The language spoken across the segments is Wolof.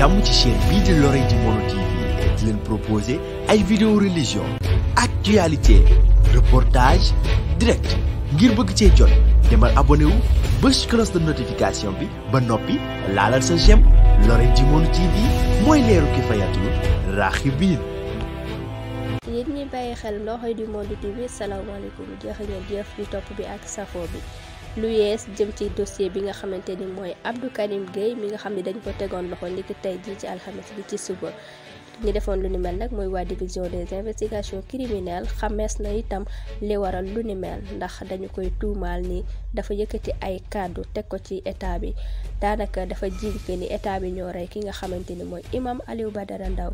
jàmm ci chaîne bi di L'oreille du Monde TV di len proposer ay vidéo religion actualité reportage direct ngir bëgg ci jot demal abonné wu bés cloche de notification bi ba nopi laalal sa j'aime L'oreille du Monde TV moy leeru ki fayatul raaxi biin yéen ñi bàyyi xel L'oreille du Monde TV salaamaaleykum jërë ngeen jëf di top bi ak safo bi lu yees jëm ci dossier bi nga xamante ni mooy Abdou Karim Gueye mi nga xam ne dañ ko tegoon loxo ndiki tey jii ci alxames bi ci suba ñi defoon lu ni mel nag mooy waa division des investigations criminelles xamees na itam li waral lu ni mel ndax dañu koy tuumaal ni dafa yëkkati ay kàddu teg ko ci état bi daanaka dafa jiiñ ke ni état bi ñoo rey ki nga xamante ni mooy imam Aliou Badara Ndao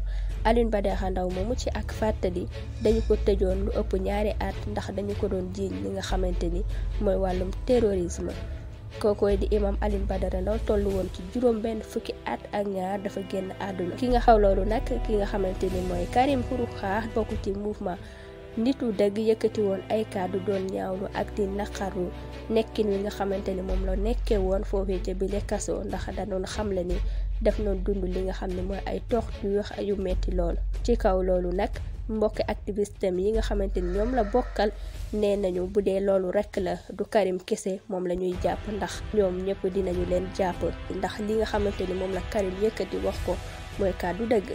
Aliou Badara ndaw moomu ci ak fàttali dañu ko tëjoon lu ëpp ñaari at ndax dañu ko doon jiiñ li nga xamante ni mooy wàllum terrorisme kookooy di imam Alioune Badara Ndao tollu woon ci juróom benn fukki at ak ñaar dafa génn àdduna ki nga xaw loolu nag ki nga xamante ni mooy Karim Xrum Xax bokk ci nit nitu dëgg yëkkati woon ay kàddu doon ñaawlu ak di naqaru nekkin wi nga xamante ni moom la nekkee woon foofee bi bile kaso ndax da xam xamle ni def noon dund li nga xam ne mooy ay torture yu metti lool ci kaw loolu nag mbokki activiste yi nga xamante ni ñoom la bokkal nee nañu bu dee loolu rek la du Karim kese moom la ñuy jàpp ndax ñoom ñëpp dinañu leen jàpp ndax li nga xamante ni moom la Karim yëkkati wax ko mooy kàddu dégg